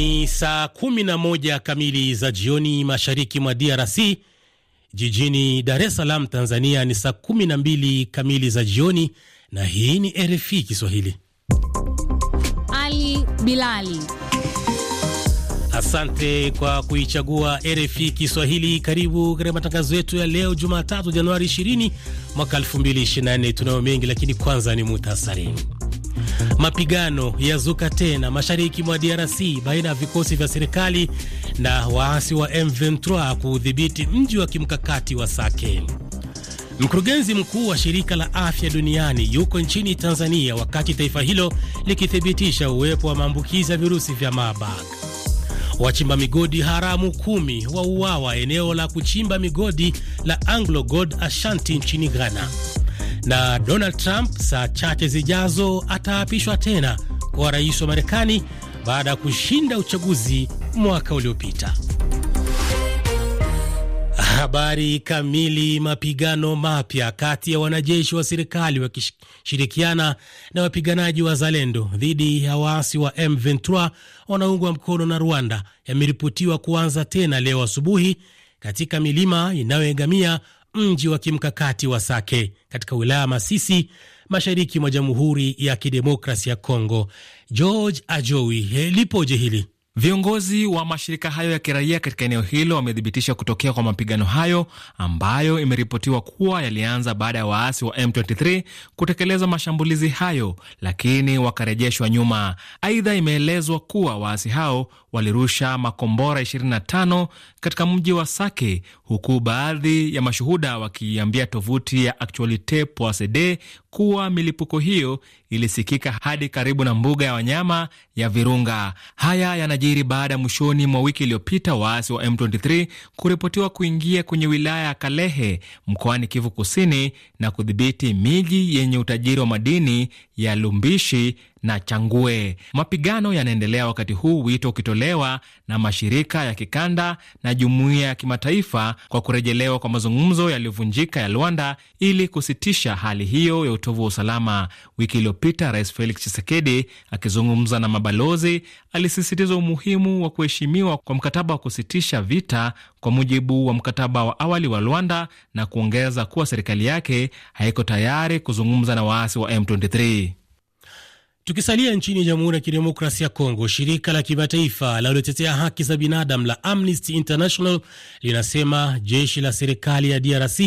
Ni saa 11 kamili za jioni mashariki mwa DRC. Jijini Dar es Salaam, Tanzania ni saa 12 kamili za jioni, na hii ni RFI Kiswahili. Ali Bilali, asante kwa kuichagua RFI Kiswahili. Karibu katika matangazo yetu ya leo Jumatatu, Januari 20 mwaka 2024. Tunayo mengi, lakini kwanza ni muhtasari Mapigano yazuka tena mashariki mwa DRC baina ya vikosi vya serikali na waasi wa M23 kuudhibiti mji wa kimkakati wa Sake. Mkurugenzi mkuu wa shirika la afya duniani yuko nchini Tanzania wakati taifa hilo likithibitisha uwepo wa maambukizi ya virusi vya Marburg. Wachimba migodi haramu kumi wauawa eneo la kuchimba migodi la AngloGold Ashanti nchini Ghana na Donald Trump saa chache zijazo ataapishwa tena kuwa rais wa Marekani baada ya kushinda uchaguzi mwaka uliopita. Habari kamili. Mapigano mapya kati ya wanajeshi wa serikali wakishirikiana na wapiganaji wa Zalendo dhidi ya waasi wa M23 wanaungwa mkono na Rwanda yameripotiwa kuanza tena leo asubuhi katika milima inayoegamia mji wa kimkakati wa Sake katika wilaya Masisi, mashariki mwa Jamhuri ya Kidemokrasi ya Congo. George Ajowi, eh, lipoje hili? Viongozi wa mashirika hayo ya kiraia katika eneo hilo wamethibitisha kutokea kwa mapigano hayo ambayo imeripotiwa kuwa yalianza baada ya waasi wa M23 kutekeleza mashambulizi hayo, lakini wakarejeshwa nyuma. Aidha, imeelezwa kuwa waasi hao walirusha makombora 25 katika mji wa Sake, huku baadhi ya mashuhuda wakiambia tovuti ya Actualite Poasede kuwa milipuko hiyo ilisikika hadi karibu na mbuga ya wanyama ya Virunga. Haya yanajiri baada ya mwishoni mwa wiki iliyopita waasi wa M23 kuripotiwa kuingia kwenye wilaya ya Kalehe mkoani Kivu Kusini na kudhibiti miji yenye utajiri wa madini ya Lumbishi na Changue. Mapigano yanaendelea wakati huu, wito ukitolewa na mashirika ya kikanda na jumuiya ya kimataifa kwa kurejelewa kwa mazungumzo yaliyovunjika ya Luanda ili kusitisha hali hiyo ya utovu wa usalama. Wiki iliyopita, Rais Felix Tshisekedi akizungumza na mabalozi alisisitiza umuhimu wa kuheshimiwa kwa mkataba wa kusitisha vita kwa mujibu wa mkataba wa awali wa Luanda na kuongeza kuwa serikali yake haiko tayari kuzungumza na waasi wa M23. Tukisalia nchini Jamhuri ya Kidemokrasia ya Kongo, shirika la kimataifa linalotetea haki za binadamu la Amnesty International linasema jeshi la serikali ya DRC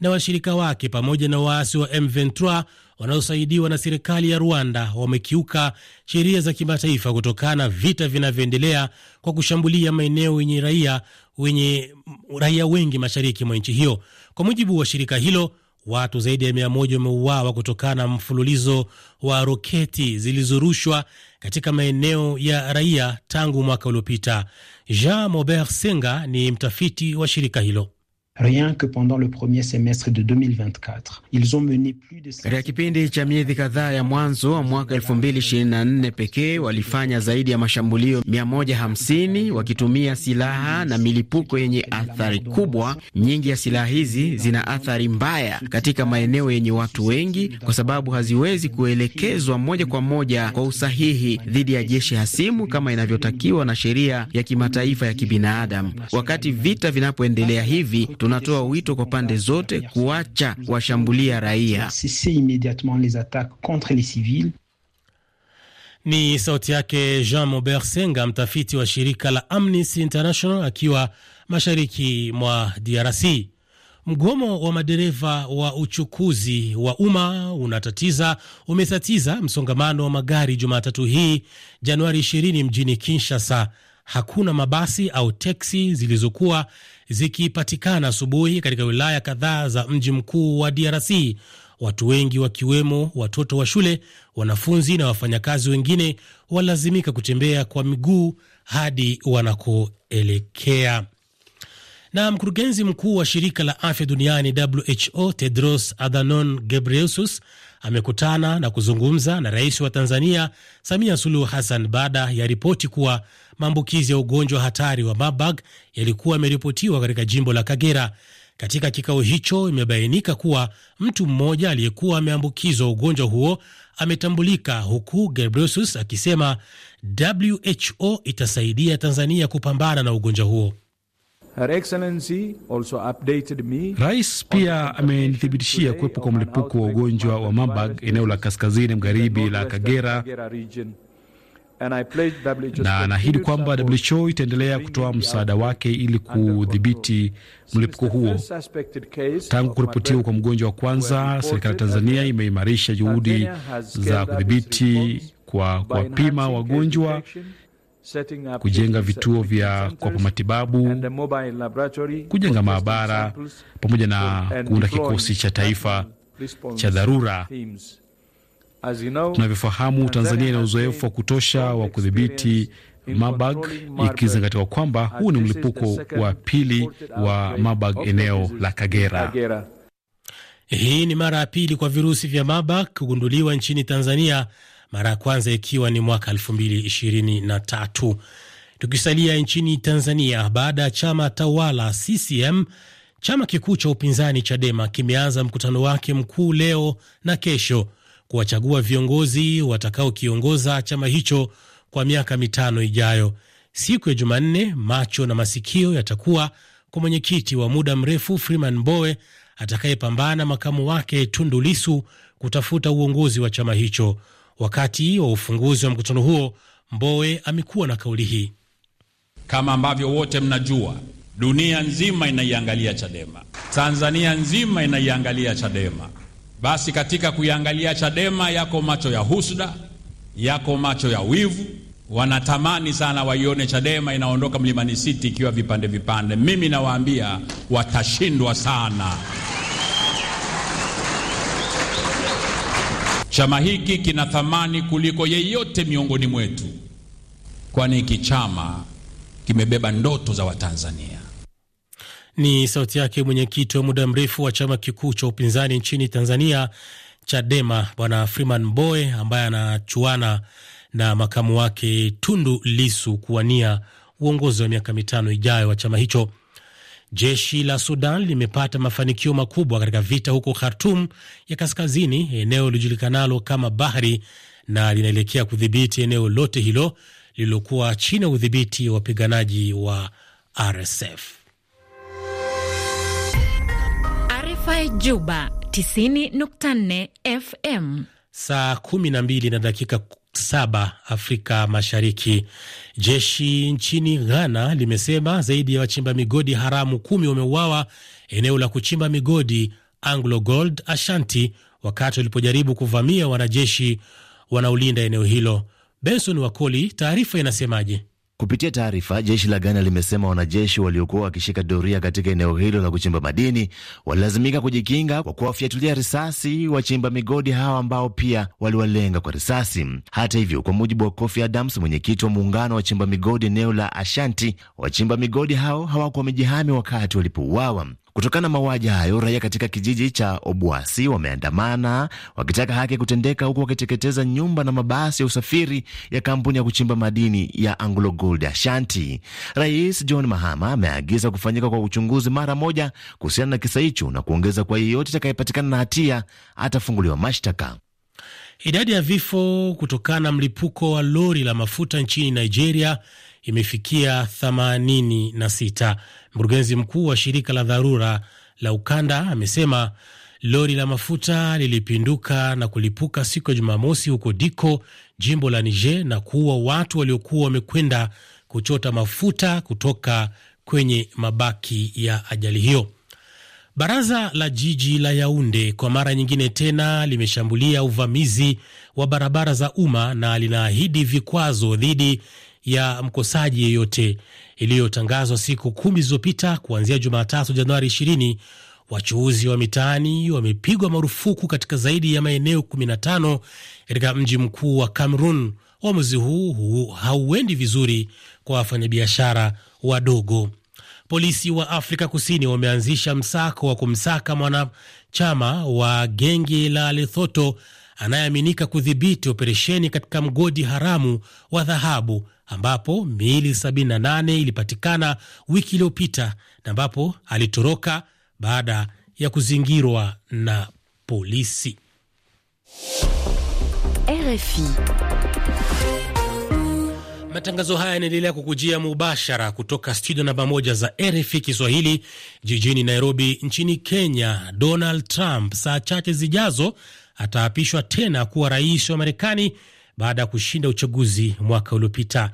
na washirika wake pamoja na waasi wa M23 wanaosaidiwa na serikali ya Rwanda wamekiuka sheria za kimataifa kutokana na vita vinavyoendelea kwa kushambulia maeneo yenye raia wenye raia wengi mashariki mwa nchi hiyo. Kwa mujibu wa shirika hilo, Watu zaidi ya mia moja wameuawa kutokana na mfululizo wa roketi zilizorushwa katika maeneo ya raia tangu mwaka uliopita. Jean mobert Senga ni mtafiti wa shirika hilo. Rien que pendant le premier semestre de 2024, ils ont mené plus de... Katika kipindi cha miezi kadhaa ya mwanzo wa mwaka 2024 pekee walifanya zaidi ya mashambulio 150 wakitumia silaha na milipuko yenye athari kubwa. Nyingi ya silaha hizi zina athari mbaya katika maeneo yenye watu wengi, kwa sababu haziwezi kuelekezwa moja kwa moja kwa usahihi dhidi ya jeshi hasimu kama inavyotakiwa na sheria ya kimataifa ya kibinadamu. Wakati vita vinapoendelea hivi tunatoa wito kwa pande zote kuacha washambulia raia. Ni sauti yake Jean Mobert Senga, mtafiti wa shirika la Amnesty International akiwa mashariki mwa DRC. Mgomo wa madereva wa uchukuzi wa umma unatatiza umetatiza msongamano wa magari Jumatatu hii Januari 20 mjini Kinshasa. Hakuna mabasi au teksi zilizokuwa zikipatikana asubuhi katika wilaya kadhaa za mji mkuu wa DRC, watu wengi wakiwemo watoto wa shule, wanafunzi na wafanyakazi wengine walazimika kutembea kwa miguu hadi wanakoelekea. Na mkurugenzi mkuu wa shirika la afya duniani WHO Tedros Adhanom Ghebreyesus amekutana na kuzungumza na rais wa Tanzania Samia Suluhu Hassan baada ya ripoti kuwa maambukizi ya ugonjwa hatari wa Marburg yalikuwa yameripotiwa katika jimbo la Kagera. Katika kikao hicho imebainika kuwa mtu mmoja aliyekuwa ameambukizwa ugonjwa huo ametambulika, huku Gebreyesus akisema WHO itasaidia Tanzania kupambana na ugonjwa huo. Her Excellency also updated me. Rais pia amenithibitishia kuwepo kwa mlipuko wa ugonjwa wa Marburg eneo la kaskazini magharibi la Kagera na naahidi kwamba WHO itaendelea kutoa msaada wake ili kudhibiti mlipuko huo. Tangu kuripotiwa kwa mgonjwa wa kwanza, serikali ya Tanzania imeimarisha juhudi za kudhibiti kwa kuwapima wagonjwa kujenga vituo vya kwa matibabu, kujenga maabara, pamoja na kuunda kikosi cha taifa cha dharura. Tunavyofahamu, Tanzania ina uzoefu wa kutosha wa kudhibiti Marburg ikizingatiwa kwamba huu ni mlipuko wa pili wa Marburg eneo la Kagera. Hii ni mara ya pili kwa virusi vya Marburg kugunduliwa nchini Tanzania mara ya kwanza ikiwa ni mwaka elfu Tukisalia nchini Tanzania, baada ya chama tawala CCM, chama kikuu cha upinzani Chadema kimeanza mkutano wake mkuu leo na kesho kuwachagua viongozi watakaokiongoza chama hicho kwa miaka mitano ijayo. Siku ya Jumanne, macho na masikio yatakuwa kwa mwenyekiti wa muda mrefu Freeman Mbowe atakayepambana makamu wake Tundu Lisu kutafuta uongozi wa chama hicho. Wakati wa ufunguzi wa mkutano huo, Mbowe amekuwa na kauli hii. Kama ambavyo wote mnajua, dunia nzima inaiangalia Chadema, Tanzania nzima inaiangalia Chadema. Basi katika kuiangalia Chadema yako macho ya husda, yako macho ya wivu. Wanatamani sana waione Chadema inaondoka Mlimani City ikiwa vipande vipande. Mimi nawaambia watashindwa sana. Chama hiki kina thamani kuliko yeyote miongoni mwetu, kwani hiki chama kimebeba ndoto za Watanzania. Ni sauti yake mwenyekiti wa muda mrefu wa chama kikuu cha upinzani nchini Tanzania, Chadema, Bwana Freeman Mbowe, ambaye anachuana na makamu wake Tundu Lisu kuwania uongozi wa miaka mitano ijayo wa chama hicho. Jeshi la Sudan limepata mafanikio makubwa katika vita huko Khartum ya kaskazini, eneo lilojulikanalo kama Bahri, na linaelekea kudhibiti eneo lote hilo lililokuwa chini ya udhibiti wa wapiganaji wa RSF. RFI Juba 90.4 FM, saa 12 na dakika saba Afrika Mashariki. Jeshi nchini Ghana limesema zaidi ya wachimba migodi haramu kumi wameuawa eneo la kuchimba migodi Anglo Gold Ashanti wakati walipojaribu kuvamia wanajeshi wanaolinda eneo hilo. Benson Wakoli, taarifa inasemaje? Kupitia taarifa, jeshi la Ghana limesema wanajeshi waliokuwa wakishika doria katika eneo hilo la kuchimba madini walilazimika kujikinga kwa kuwafyatulia risasi wachimba migodi hawa ambao pia waliwalenga kwa risasi. Hata hivyo, kwa mujibu wa Kofi Adams, mwenyekiti wa muungano wa wachimba migodi eneo la Ashanti, wachimba migodi hao hawakuwa wamejihami wakati walipouawa. Kutokana na mauaji hayo, raia katika kijiji cha Obwasi wameandamana wakitaka haki kutendeka, huku wakiteketeza nyumba na mabasi ya usafiri ya kampuni ya kuchimba madini ya Anglo Gold Ashanti. Rais John Mahama ameagiza kufanyika kwa uchunguzi mara moja kuhusiana na kisa hicho na kuongeza kwa yeyote atakayepatikana na hatia atafunguliwa mashtaka. Idadi ya vifo kutokana na mlipuko wa lori la mafuta nchini Nigeria imefikia 86. Mkurugenzi mkuu wa shirika la dharura la ukanda amesema lori la mafuta lilipinduka na kulipuka siku ya Jumamosi huko Diko, jimbo la Niger, na kuua watu waliokuwa wamekwenda kuchota mafuta kutoka kwenye mabaki ya ajali hiyo. Baraza la jiji la Yaunde kwa mara nyingine tena limeshambulia uvamizi wa barabara za umma na linaahidi vikwazo dhidi ya mkosaji yeyote iliyotangazwa siku kumi zilizopita kuanzia Jumatatu Januari 20, wachuuzi wa mitaani wamepigwa marufuku katika zaidi ya maeneo 15 katika mji mkuu wa Cameroon. Uamuzi huu hauendi vizuri kwa wafanyabiashara wadogo. Polisi wa Afrika Kusini wameanzisha msako wa kumsaka mwanachama wa genge la Lesotho anayeaminika kudhibiti operesheni katika mgodi haramu wa dhahabu ambapo miili 78 ilipatikana wiki iliyopita na ambapo alitoroka baada ya kuzingirwa na polisi. RFI. Matangazo haya yanaendelea kukujia mubashara kutoka studio namba moja za RFI Kiswahili jijini Nairobi nchini Kenya. Donald Trump saa chache zijazo ataapishwa tena kuwa rais wa Marekani baada ya kushinda uchaguzi mwaka uliopita.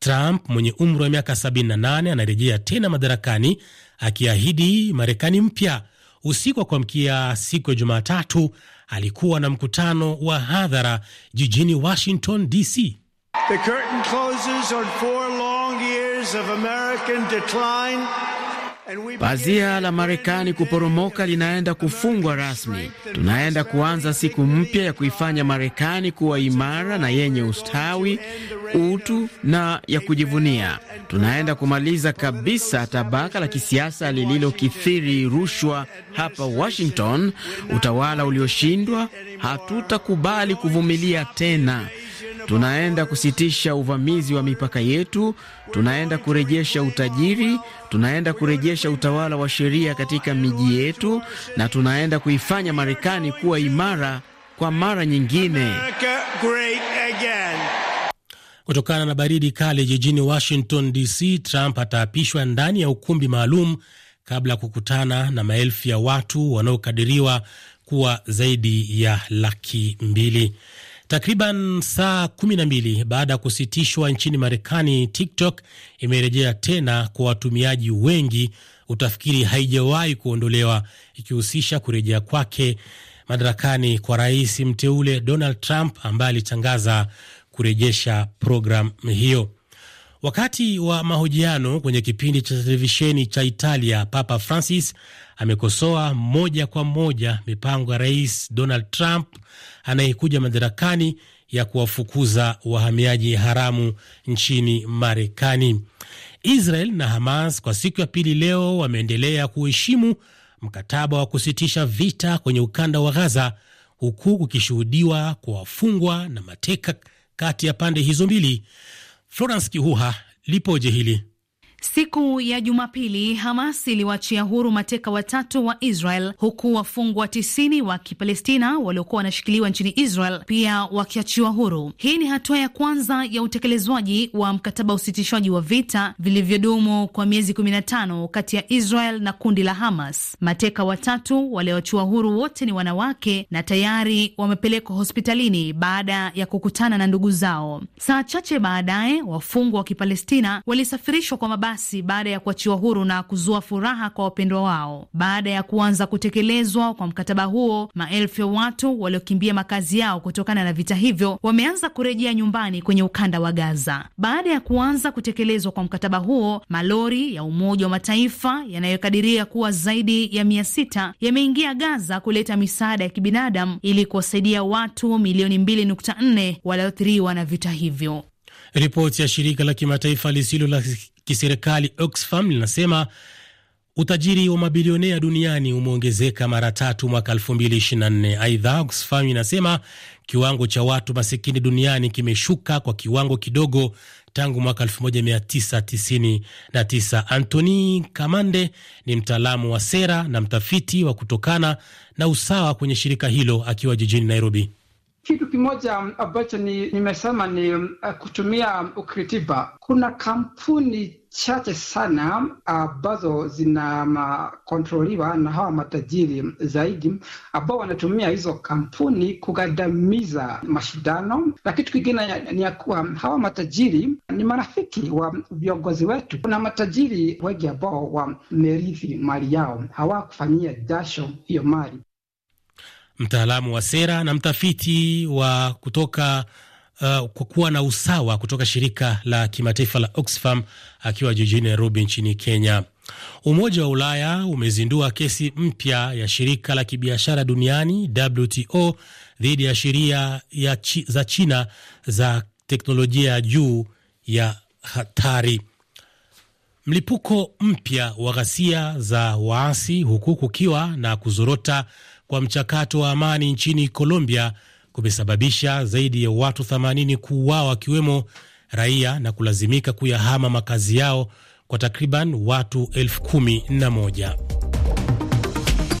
Trump mwenye umri wa miaka 78 anarejea tena madarakani akiahidi Marekani mpya. Usiku wa kuamkia siku ya Jumatatu alikuwa na mkutano wa hadhara jijini Washington DC. The curtain closes on four long years of American decline. Pazia la Marekani kuporomoka linaenda kufungwa rasmi. Tunaenda kuanza siku mpya ya kuifanya Marekani kuwa imara na yenye ustawi, utu na ya kujivunia. Tunaenda kumaliza kabisa tabaka la kisiasa lililokithiri rushwa hapa Washington, utawala ulioshindwa. Hatutakubali kuvumilia tena. Tunaenda kusitisha uvamizi wa mipaka yetu, tunaenda kurejesha utajiri, tunaenda kurejesha utawala wa sheria katika miji yetu, na tunaenda kuifanya Marekani kuwa imara kwa mara nyingine. Kutokana na baridi kali jijini Washington DC, Trump ataapishwa ndani ya ukumbi maalum kabla ya kukutana na maelfu ya watu wanaokadiriwa kuwa zaidi ya laki mbili. Takriban saa mbili baada ya kusitishwa nchini Marekani, TikTok imerejea tena kwa watumiaji wengi, utafikiri haijawahi kuondolewa, ikihusisha kurejea kwake madarakani kwa rais mteule Donald Trump ambaye alitangaza kurejesha programu hiyo. Wakati wa mahojiano kwenye kipindi cha televisheni cha Italia, Papa Francis amekosoa moja kwa moja mipango ya Rais Donald Trump anayekuja madarakani ya kuwafukuza wahamiaji haramu nchini Marekani. Israel na Hamas kwa siku ya pili leo wameendelea kuheshimu mkataba wa kusitisha vita kwenye ukanda wa Gaza, huku kukishuhudiwa kwa wafungwa na mateka kati ya pande hizo mbili. Florence Kihuha, lipoje hili? Siku ya Jumapili, Hamas iliwaachia huru mateka watatu wa Israel, huku wafungwa tisini wa Kipalestina waliokuwa wanashikiliwa nchini Israel pia wakiachiwa huru. Hii ni hatua ya kwanza ya utekelezwaji wa mkataba wa usitishwaji wa vita vilivyodumu kwa miezi 15 kati ya Israel na kundi la Hamas. Mateka watatu walioachiwa huru wote ni wanawake na tayari wamepelekwa hospitalini baada ya kukutana na ndugu zao. Saa chache baadaye, wafungwa wa Kipalestina walisafirishwa kwa basi baada ya kuachiwa huru na kuzua furaha kwa wapendwa wao. Baada ya kuanza kutekelezwa kwa mkataba huo, maelfu ya watu waliokimbia makazi yao kutokana na vita hivyo wameanza kurejea nyumbani kwenye ukanda wa Gaza. Baada ya kuanza kutekelezwa kwa mkataba huo, malori ya Umoja wa Mataifa yanayokadiria kuwa zaidi ya mia sita yameingia Gaza kuleta misaada ya kibinadamu ili kuwasaidia watu milioni 2.4 walioathiriwa na vita hivyo. Ripoti ya shirika la kimataifa lisilo la kiserikali Oxfam linasema utajiri wa mabilionea duniani umeongezeka mara tatu mwaka 2024. Aidha, Oxfam inasema kiwango cha watu masikini duniani kimeshuka kwa kiwango kidogo tangu mwaka 1999. Anthony Kamande ni mtaalamu wa sera na mtafiti wa kutokana na usawa kwenye shirika hilo akiwa jijini Nairobi. Kitu kimoja ambacho nimesema ni, ni uh, kutumia ukritiba Kuna kampuni chache sana ambazo zinakontroliwa na hawa matajiri zaidi ambao wanatumia hizo kampuni kugandamiza mashindano. Na kitu kingine ni ya kuwa hawa matajiri ni marafiki wa viongozi wetu. Kuna matajiri wengi ambao wamerithi mali yao, hawakufanyia jasho hiyo mali mtaalamu wa sera na mtafiti wa kutoka uh, kuwa na usawa kutoka shirika la kimataifa la Oxfam akiwa jijini Nairobi nchini Kenya. Umoja wa Ulaya umezindua kesi mpya ya shirika la kibiashara duniani WTO dhidi ya sheria chi, za China za teknolojia ya juu ya hatari. Mlipuko mpya wa ghasia za waasi huku kukiwa na kuzorota kwa mchakato wa amani nchini Colombia kumesababisha zaidi ya watu 80 kuuawa wakiwemo raia na kulazimika kuyahama makazi yao kwa takriban watu elfu kumi na moja.